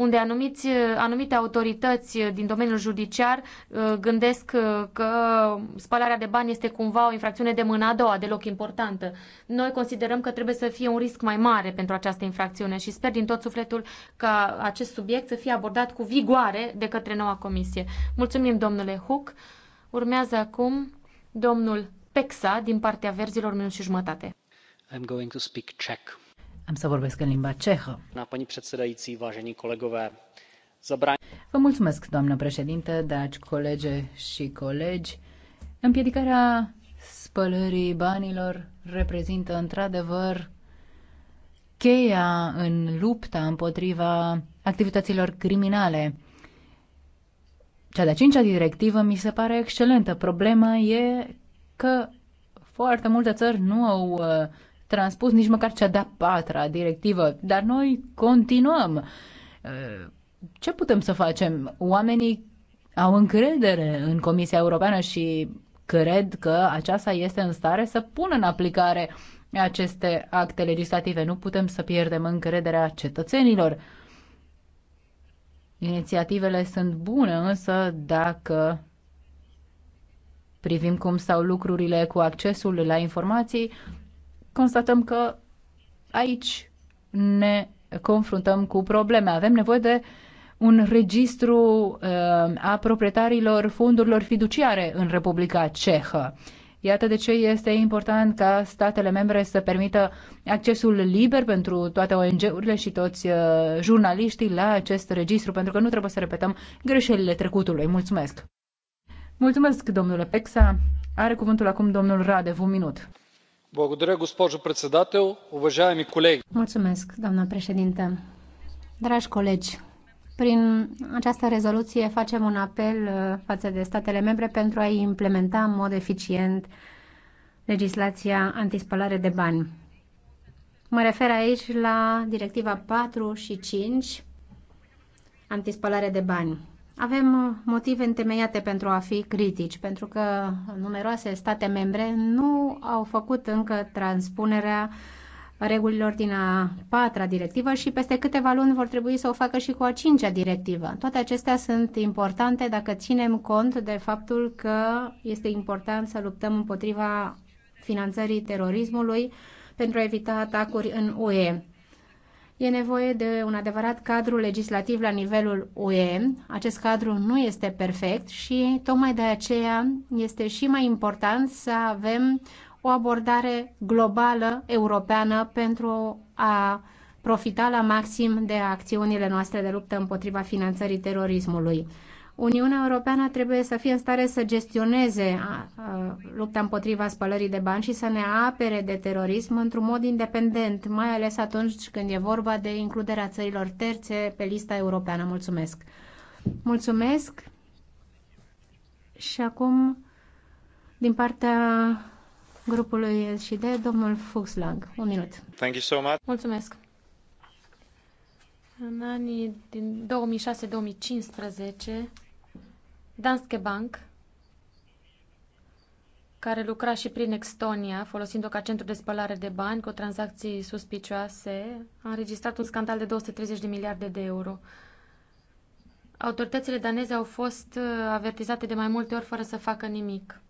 unde anumiți, anumite autorități din domeniul judiciar uh, gândesc uh, că spalarea de bani este cumva o infracțiune de mâna a doua, deloc importantă. Noi considerăm că trebuie să fie un risc mai mare pentru această infracțiune și sper din tot sufletul ca acest subiect să fie abordat cu vigoare de către noua comisie. Mulțumim, domnule Huc. Urmează acum domnul Pexa din partea verzilor minut și jumătate. I'm going to speak Czech. Am să vorbesc în limba cehă. Vă mulțumesc, doamnă președinte, dragi colege și colegi. Împiedicarea spălării banilor reprezintă într-adevăr cheia în lupta împotriva activităților criminale. Cea de-a cincea directivă mi se pare excelentă. Problema e că foarte multe țări nu au uh, transpus nici măcar cea de-a patra directivă, dar noi continuăm. Uh, ce putem să facem? Oamenii au încredere în Comisia Europeană și cred că aceasta este în stare să pună în aplicare aceste acte legislative. Nu putem să pierdem încrederea cetățenilor. Inițiativele sunt bune, însă dacă privim cum stau lucrurile cu accesul la informații, constatăm că aici ne confruntăm cu probleme. Avem nevoie de un registru uh, a proprietarilor fondurilor fiduciare în Republica Cehă. Iată de ce este important ca statele membre să permită accesul liber pentru toate ONG-urile și toți uh, jurnaliștii la acest registru, pentru că nu trebuie să repetăm greșelile trecutului. Mulțumesc! Mulțumesc, domnule Pexa. Are cuvântul acum domnul Radev, un minut. Mulțumesc, doamnă președintă. Dragi colegi, prin această rezoluție facem un apel uh, față de statele membre pentru a implementa în mod eficient legislația antispălare de bani. Mă refer aici la directiva 4 și 5, antispălare de bani. Avem uh, motive întemeiate pentru a fi critici, pentru că numeroase state membre nu au făcut încă transpunerea regulilor din a patra directivă și peste câteva luni vor trebui să o facă și cu a cincea directivă. Toate acestea sunt importante dacă ținem cont de faptul că este important să luptăm împotriva finanțării terorismului pentru a evita atacuri în UE. E nevoie de un adevărat cadru legislativ la nivelul UE. Acest cadru nu este perfect și tocmai de aceea este și mai important să avem o abordare globală europeană pentru a profita la maxim de acțiunile noastre de luptă împotriva finanțării terorismului. Uniunea Europeană trebuie să fie în stare să gestioneze lupta împotriva spălării de bani și să ne apere de terorism într-un mod independent, mai ales atunci când e vorba de includerea țărilor terțe pe lista europeană. Mulțumesc! Mulțumesc! Și acum, din partea grupului SD, domnul Fuxlang. Un minut. Thank you so much. Mulțumesc! În anii din 2006-2015, Danske Bank, care lucra și prin Estonia, folosind-o ca centru de spălare de bani cu tranzacții suspicioase, a înregistrat un scandal de 230 de miliarde de euro. Autoritățile daneze au fost uh, avertizate de mai multe ori fără să facă nimic.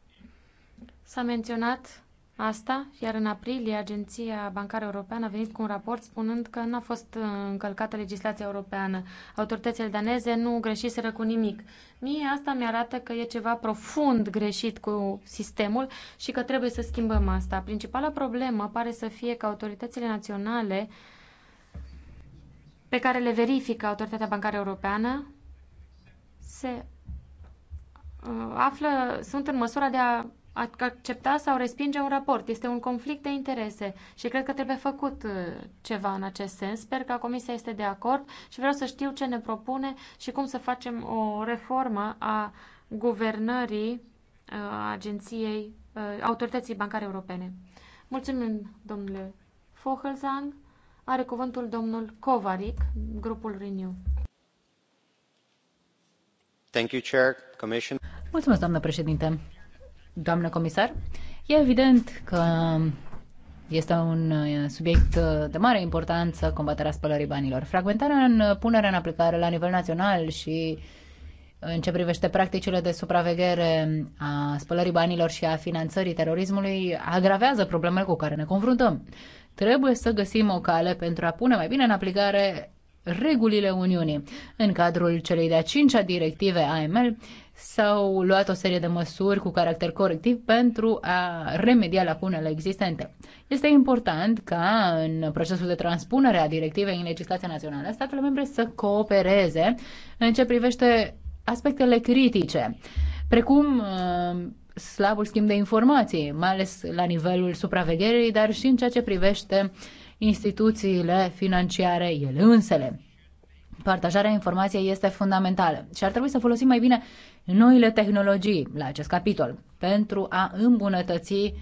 S-a menționat asta, iar în aprilie Agenția Bancară Europeană a venit cu un raport spunând că nu a fost încălcată legislația europeană. Autoritățile daneze nu greșiseră cu nimic. Mie asta mi-arată că e ceva profund greșit cu sistemul și că trebuie să schimbăm asta. Principala problemă pare să fie că autoritățile naționale pe care le verifică Autoritatea Bancară Europeană se uh, află, sunt în măsura de a a accepta sau respinge un raport. Este un conflict de interese și cred că trebuie făcut uh, ceva în acest sens. Sper că Comisia este de acord și vreau să știu ce ne propune și cum să facem o reformă a guvernării a uh, agenției, a uh, autorității bancare europene. Mulțumim, domnule Fohelzang. Are cuvântul domnul Kovaric, grupul Renew. Thank you, Chair, Commission. Mulțumesc, doamnă președinte doamnă comisar. E evident că este un uh, subiect uh, de mare importanță combaterea spălării banilor. Fragmentarea în uh, punerea în aplicare la nivel național și în ce privește practicile de supraveghere a spălării banilor și a finanțării terorismului agravează problemele cu care ne confruntăm. Trebuie să găsim o cale pentru a pune mai bine în aplicare regulile Uniunii. În cadrul celei de-a cincea directive AML, s-au luat o serie de măsuri cu caracter corectiv pentru a remedia lacunele existente. Este important ca în procesul de transpunere a directivei în legislația națională statele membre să coopereze în ce privește aspectele critice, precum uh, slabul schimb de informații, mai ales la nivelul supravegherii, dar și în ceea ce privește instituțiile financiare ele însele. Partajarea informației este fundamentală și ar trebui să folosim mai bine noile tehnologii la acest capitol pentru a îmbunătăți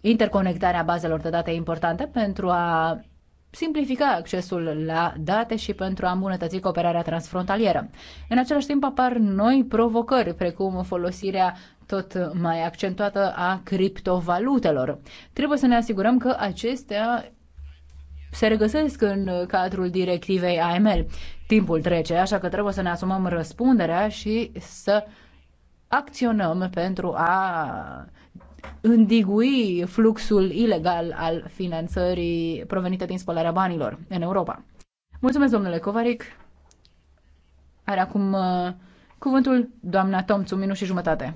interconectarea bazelor de date importante pentru a simplifica accesul la date și pentru a îmbunătăți cooperarea transfrontalieră. În același timp apar noi provocări, precum folosirea tot mai accentuată a criptovalutelor. Trebuie să ne asigurăm că acestea se regăsesc în cadrul directivei AML. Timpul trece, așa că trebuie să ne asumăm răspunderea și să acționăm pentru a îndigui fluxul ilegal al finanțării provenite din spălarea banilor în Europa. Mulțumesc, domnule Covaric. Are acum uh, cuvântul doamna Tomțu, minut și jumătate.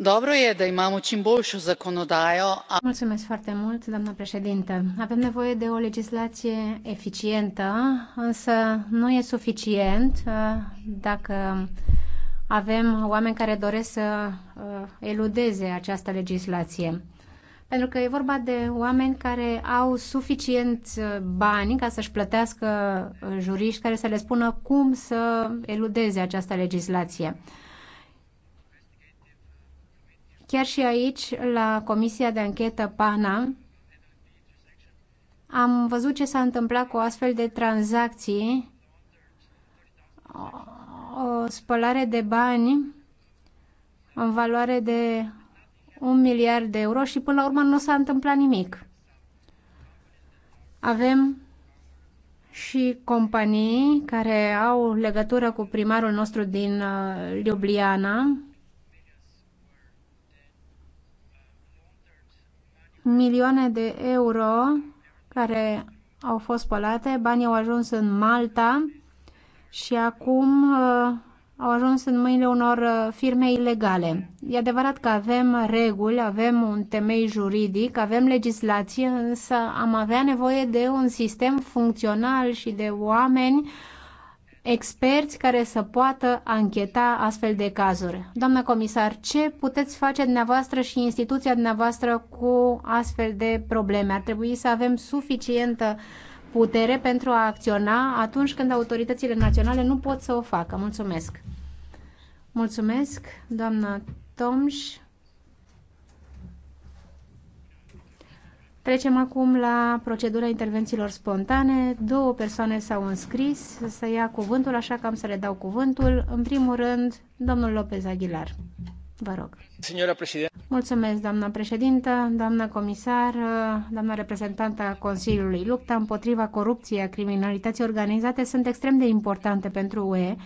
Dobro je, da imamo čim boljšo zakonodajo. Mulțumesc foarte mult, doamnă președintă. Avem nevoie de o legislație eficientă, însă nu e suficient uh, dacă avem oameni care doresc să uh, eludeze această legislație. Pentru că e vorba de oameni care au suficient uh, bani ca să-și plătească juriști care să le spună cum să eludeze această legislație. Chiar și aici, la Comisia de Anchetă PANA, am văzut ce s-a întâmplat cu astfel de tranzacții, o spălare de bani în valoare de un miliard de euro și până la urmă nu s-a întâmplat nimic. Avem și companii care au legătură cu primarul nostru din uh, Ljubljana, milioane de euro care au fost spălate, banii au ajuns în Malta și acum uh, au ajuns în mâinile unor uh, firme ilegale. E adevărat că avem reguli, avem un temei juridic, avem legislație, însă am avea nevoie de un sistem funcțional și de oameni experți care să poată ancheta astfel de cazuri. Doamna comisar, ce puteți face dumneavoastră și instituția dumneavoastră cu astfel de probleme? Ar trebui să avem suficientă putere pentru a acționa atunci când autoritățile naționale nu pot să o facă. Mulțumesc! Mulțumesc, doamna Tomș. Trecem acum la procedura intervențiilor spontane. Două persoane s-au înscris să ia cuvântul, așa că am să le dau cuvântul. În primul rând, domnul Lopez Aguilar. Vă rog. Mulțumesc, doamna președintă, doamna comisar, doamna reprezentantă a Consiliului. Lupta împotriva corupției, a criminalității organizate sunt extrem de importante pentru UE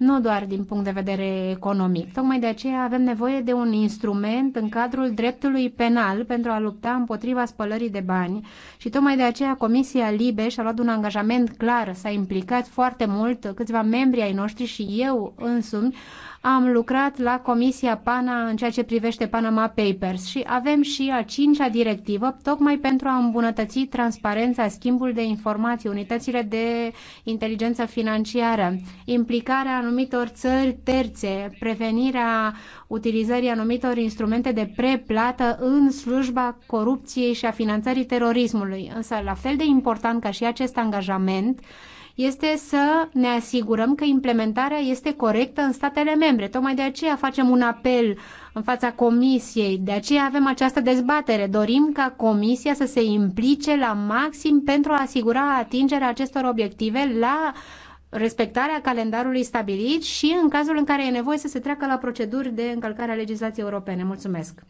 nu doar din punct de vedere economic. Tocmai de aceea avem nevoie de un instrument în cadrul dreptului penal pentru a lupta împotriva spălării de bani și tocmai de aceea Comisia Libe și-a luat un angajament clar, s-a implicat foarte mult, câțiva membri ai noștri și eu însumi am lucrat la Comisia PANA în ceea ce privește Panama Papers și avem și a cincea directivă tocmai pentru a îmbunătăți transparența, schimbul de informații, unitățile de inteligență financiară, implicarea anumitor țări terțe, prevenirea utilizării anumitor instrumente de preplată în slujba corupției și a finanțării terorismului. Însă, la fel de important ca și acest angajament, este să ne asigurăm că implementarea este corectă în statele membre. Tocmai de aceea facem un apel în fața Comisiei, de aceea avem această dezbatere. Dorim ca Comisia să se implice la maxim pentru a asigura atingerea acestor obiective la respectarea calendarului stabilit și în cazul în care e nevoie să se treacă la proceduri de încălcare a legislației europene. Mulțumesc!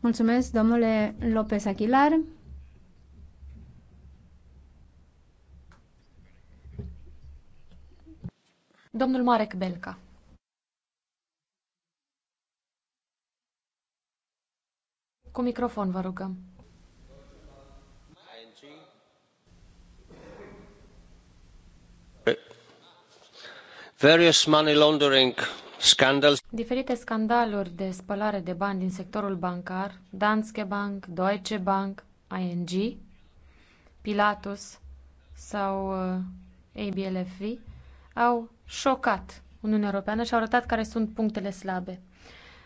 Mulțumesc, domnule Lopez Aguilar. Domnul Marek Belka. Cu microfon, vă rugăm. money laundering scandals. Diferite scandaluri de spălare de bani din sectorul bancar, Danske Bank, Deutsche Bank, ING, Pilatus sau uh, ABLFV, au șocat Uniunea Europeană și au arătat care sunt punctele slabe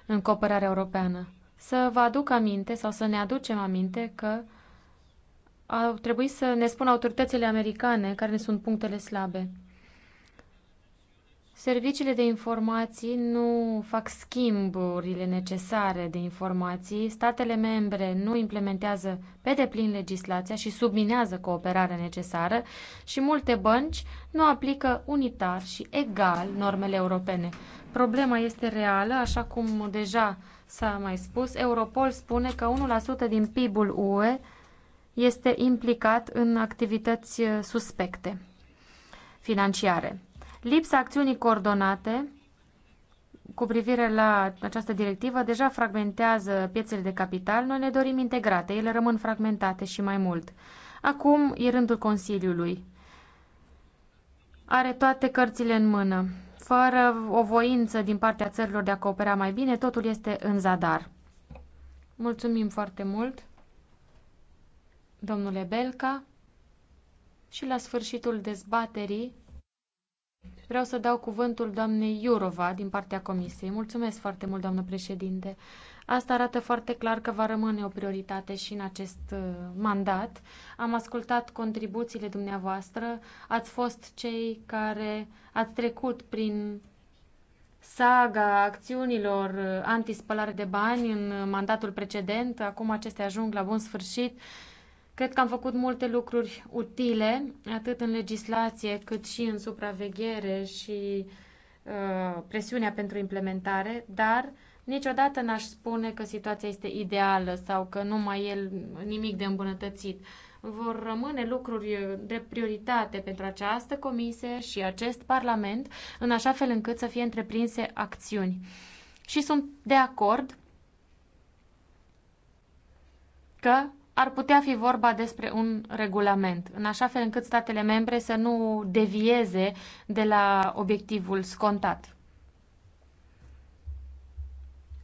în cooperarea europeană. Să vă aduc aminte sau să ne aducem aminte că au trebuit să ne spună autoritățile americane care ne sunt punctele slabe. Serviciile de informații nu fac schimburile necesare de informații, statele membre nu implementează pe deplin legislația și subminează cooperarea necesară și multe bănci nu aplică unitar și egal normele europene. Problema este reală, așa cum deja s-a mai spus. Europol spune că 1% din PIB-ul UE este implicat în activități suspecte financiare. Lipsa acțiunii coordonate cu privire la această directivă deja fragmentează piețele de capital. Noi ne dorim integrate, ele rămân fragmentate și mai mult. Acum e rândul Consiliului. Are toate cărțile în mână. Fără o voință din partea țărilor de a coopera mai bine, totul este în zadar. Mulțumim foarte mult, domnule Belca. Și la sfârșitul dezbaterii, Vreau să dau cuvântul doamnei Iurova din partea Comisiei. Mulțumesc foarte mult, doamnă președinte. Asta arată foarte clar că va rămâne o prioritate și în acest uh, mandat. Am ascultat contribuțiile dumneavoastră, ați fost cei care ați trecut prin saga acțiunilor uh, antispălare de bani în mandatul precedent. Acum acestea ajung la bun sfârșit Cred că am făcut multe lucruri utile, atât în legislație, cât și în supraveghere și uh, presiunea pentru implementare, dar niciodată n-aș spune că situația este ideală sau că nu mai e nimic de îmbunătățit. Vor rămâne lucruri de prioritate pentru această comisie și acest Parlament, în așa fel încât să fie întreprinse acțiuni. Și sunt de acord că ar putea fi vorba despre un regulament, în așa fel încât statele membre să nu devieze de la obiectivul scontat.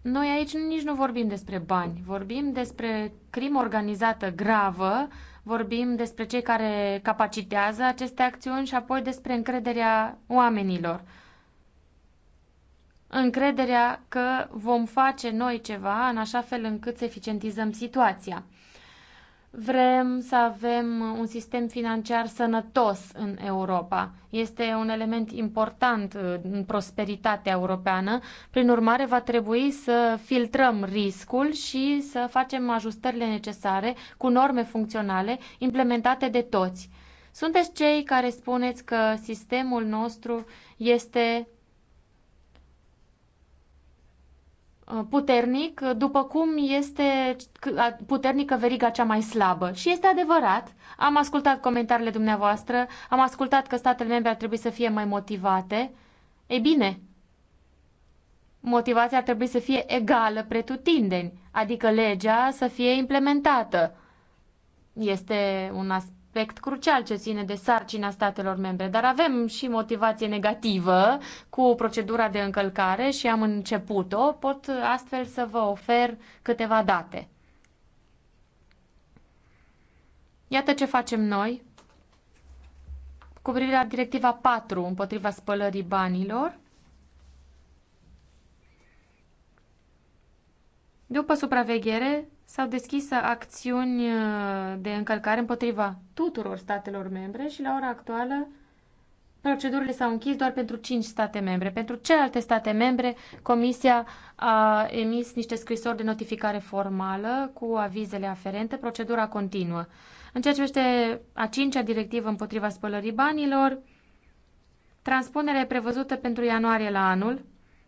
Noi aici nici nu vorbim despre bani, vorbim despre crimă organizată gravă, vorbim despre cei care capacitează aceste acțiuni și apoi despre încrederea oamenilor. Încrederea că vom face noi ceva în așa fel încât să eficientizăm situația. Vrem să avem un sistem financiar sănătos în Europa. Este un element important uh, în prosperitatea europeană. Prin urmare, va trebui să filtrăm riscul și să facem ajustările necesare cu norme funcționale implementate de toți. Sunteți cei care spuneți că sistemul nostru este Uh, puternic, după cum este puternică veriga cea mai slabă. Și este adevărat, am ascultat comentariile dumneavoastră, am ascultat că statele membre ar trebui să fie mai motivate. Ei bine, motivația ar trebui să fie egală pretutindeni, adică legea să fie implementată. Este un aspect aspect crucial ce ține de sarcina statelor membre, dar avem și motivație negativă cu procedura de încălcare și am început-o. Pot astfel să vă ofer câteva date. Iată ce facem noi cu privire la directiva 4 împotriva spălării banilor. După supraveghere, s-au deschis acțiuni uh, de încălcare împotriva tuturor statelor membre și la ora actuală procedurile s-au închis doar pentru 5 state membre. Pentru celelalte state membre, Comisia a emis niște scrisori de notificare formală cu avizele aferente. Procedura continuă. În ceea ce privește a cincea directivă împotriva spălării banilor, transpunerea e prevăzută pentru ianuarie la anul.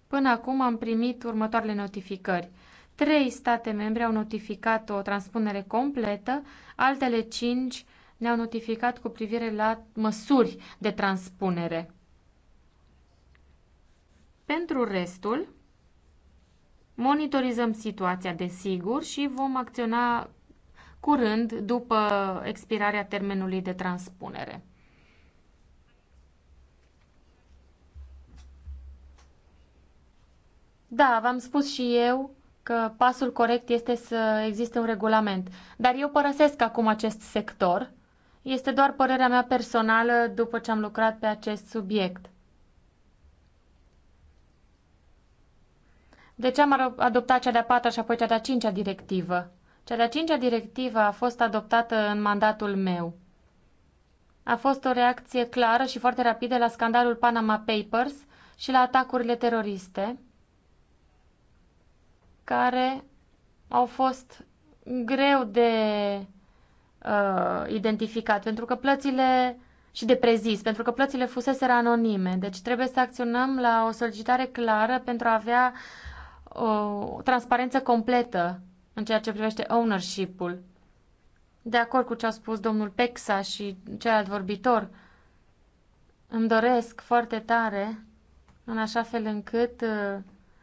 Până acum am primit următoarele notificări. Trei state membre au notificat o transpunere completă, altele cinci ne-au notificat cu privire la măsuri de transpunere. Pentru restul, monitorizăm situația, desigur, și vom acționa curând după expirarea termenului de transpunere. Da, v-am spus și eu că pasul corect este să existe un regulament. Dar eu părăsesc acum acest sector. Este doar părerea mea personală după ce am lucrat pe acest subiect. De ce am adoptat cea de-a patra și apoi cea de-a cincea directivă? Cea de-a cincea directivă a fost adoptată în mandatul meu. A fost o reacție clară și foarte rapidă la scandalul Panama Papers și la atacurile teroriste, care au fost greu de uh, identificat, pentru că plățile și de prezis, pentru că plățile fusese anonime. Deci trebuie să acționăm la o solicitare clară pentru a avea uh, o transparență completă în ceea ce privește ownership-ul. De acord cu ce a spus domnul Pexa și celălalt vorbitor, îmi doresc foarte tare, în așa fel încât uh,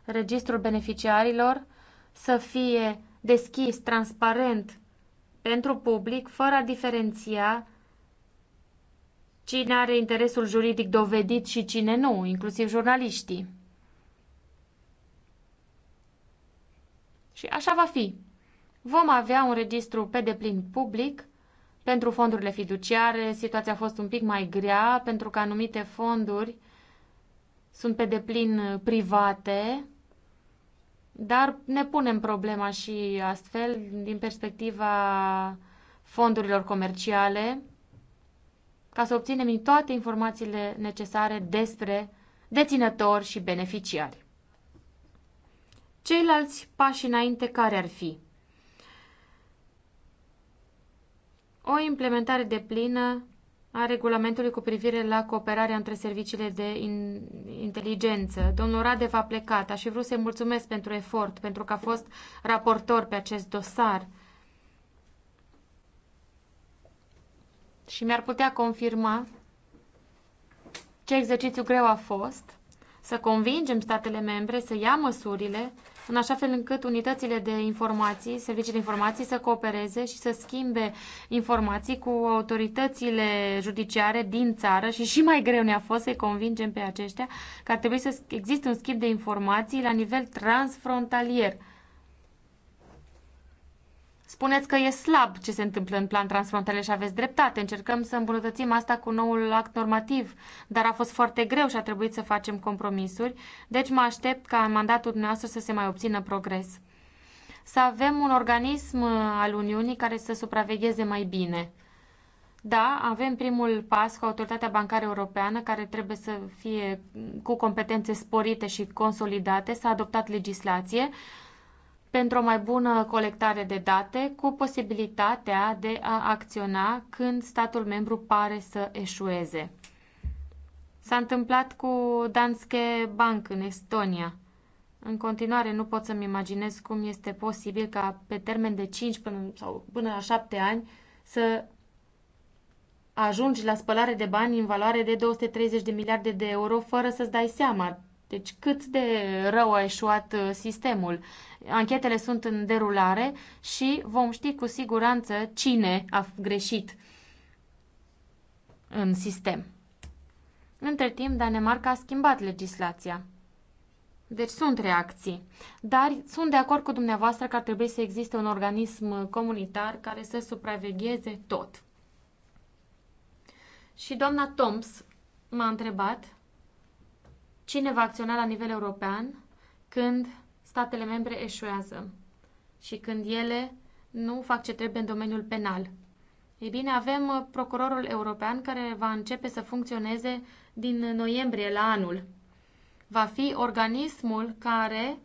registrul beneficiarilor să fie deschis, transparent pentru public, fără a diferenția cine are interesul juridic dovedit și cine nu, inclusiv jurnaliștii. Și așa va fi. Vom avea un registru pe deplin public pentru fondurile fiduciare. Situația a fost un pic mai grea pentru că anumite fonduri sunt pe deplin private dar ne punem problema și astfel din perspectiva fondurilor comerciale ca să obținem toate informațiile necesare despre deținători și beneficiari. Ceilalți pași înainte care ar fi? O implementare deplină a regulamentului cu privire la cooperarea între serviciile de in, inteligență. Domnul Radev a plecat. Aș fi vrut să-i mulțumesc pentru efort, pentru că a fost raportor pe acest dosar. Și mi-ar putea confirma ce exercițiu greu a fost să convingem statele membre să ia măsurile în așa fel încât unitățile de informații, servicii de informații să coopereze și să schimbe informații cu autoritățile judiciare din țară și și mai greu ne-a fost să-i convingem pe aceștia că ar trebui să existe un schimb de informații la nivel transfrontalier. Spuneți că e slab ce se întâmplă în plan transfrontalier și aveți dreptate. Încercăm să îmbunătățim asta cu noul act normativ, dar a fost foarte greu și a trebuit să facem compromisuri. Deci mă aștept ca în mandatul dumneavoastră să se mai obțină progres. Să avem un organism uh, al Uniunii care să supravegheze mai bine. Da, avem primul pas cu Autoritatea Bancară Europeană, care trebuie să fie cu competențe sporite și consolidate. S-a adoptat legislație pentru o mai bună colectare de date cu posibilitatea de a acționa când statul membru pare să eșueze. S-a întâmplat cu Danske Bank în Estonia. În continuare nu pot să-mi imaginez cum este posibil ca pe termen de 5 până, sau până la 7 ani să ajungi la spălare de bani în valoare de 230 de miliarde de euro fără să-ți dai seama. Deci cât de rău a eșuat uh, sistemul. Anchetele sunt în derulare și vom ști cu siguranță cine a greșit în sistem. Între timp, Danemarca a schimbat legislația. Deci sunt reacții. Dar sunt de acord cu dumneavoastră că ar trebui să existe un organism comunitar care să supravegheze tot. Și doamna Toms m-a întrebat cine va acționa la nivel european când statele membre eșuează și când ele nu fac ce trebuie în domeniul penal. Ei bine, avem uh, procurorul european care va începe să funcționeze din noiembrie la anul. Va fi organismul care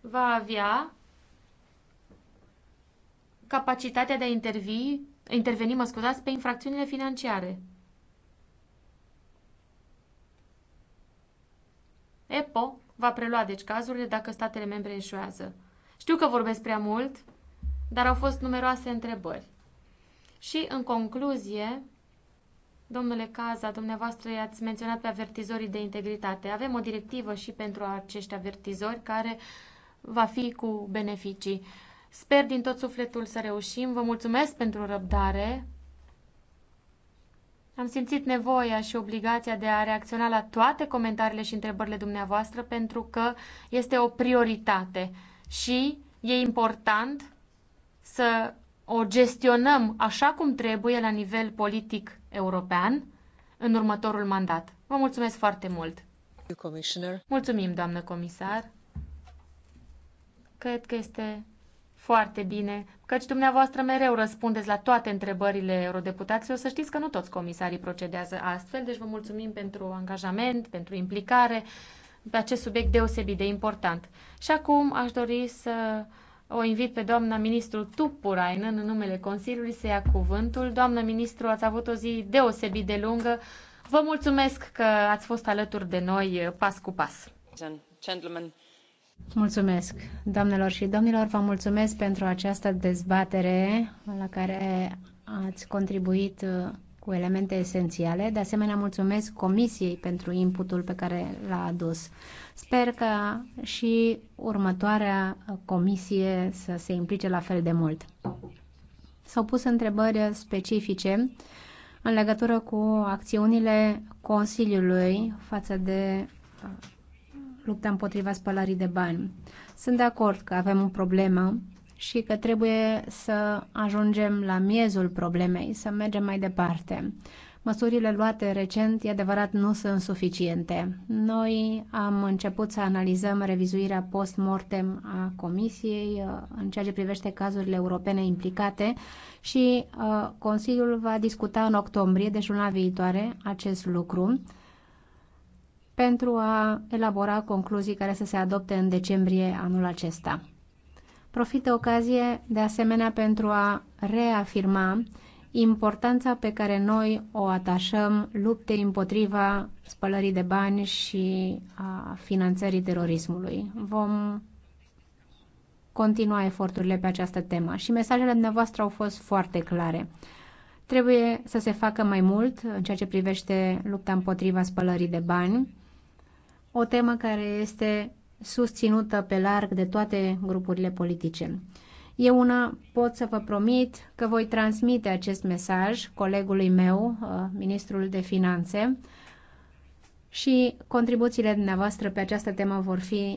va avea capacitatea de a intervi, interveni, mă scuzați, pe infracțiunile financiare. EPO va prelua deci cazurile dacă statele membre eșuează. Știu că vorbesc prea mult, dar au fost numeroase întrebări. Și, în concluzie, domnule Caza, dumneavoastră i-ați menționat pe avertizorii de integritate. Avem o directivă și pentru acești avertizori care va fi cu beneficii. Sper din tot sufletul să reușim. Vă mulțumesc pentru răbdare. Am simțit nevoia și obligația de a reacționa la toate comentariile și întrebările dumneavoastră pentru că este o prioritate și e important să o gestionăm așa cum trebuie la nivel politic european în următorul mandat. Vă mulțumesc foarte mult! Mulțumim, doamnă comisar! Cred că este foarte bine căci dumneavoastră mereu răspundeți la toate întrebările eurodeputaților. Să știți că nu toți comisarii procedează astfel, deci vă mulțumim pentru angajament, pentru implicare pe acest subiect deosebit de important. Și acum aș dori să o invit pe doamna ministru Tupurainen în numele Consiliului să ia cuvântul. Doamna ministru, ați avut o zi deosebit de lungă. Vă mulțumesc că ați fost alături de noi pas cu pas. Gentlemen. Mulțumesc, doamnelor și domnilor, vă mulțumesc pentru această dezbatere la care ați contribuit uh, cu elemente esențiale. De asemenea, mulțumesc Comisiei pentru inputul pe care l-a adus. Sper că și următoarea comisie să se implice la fel de mult. S-au pus întrebări specifice în legătură cu acțiunile Consiliului față de uh, lupta împotriva spălării de bani. Sunt de acord că avem o problemă și că trebuie să ajungem la miezul problemei, să mergem mai departe. Măsurile luate recent, e adevărat, nu sunt suficiente. Noi am început să analizăm revizuirea post-mortem a Comisiei uh, în ceea ce privește cazurile europene implicate și uh, Consiliul va discuta în octombrie, deci luna viitoare, acest lucru pentru a elabora concluzii care să se adopte în decembrie anul acesta. Profit de ocazie, de asemenea, pentru a reafirma importanța pe care noi o atașăm luptei împotriva spălării de bani și a finanțării terorismului. Vom continua eforturile pe această temă și mesajele dumneavoastră au fost foarte clare. Trebuie să se facă mai mult în ceea ce privește lupta împotriva spălării de bani o temă care este susținută pe larg de toate grupurile politice. Eu una pot să vă promit că voi transmite acest mesaj colegului meu, uh, ministrul de finanțe, și contribuțiile dumneavoastră pe această temă vor fi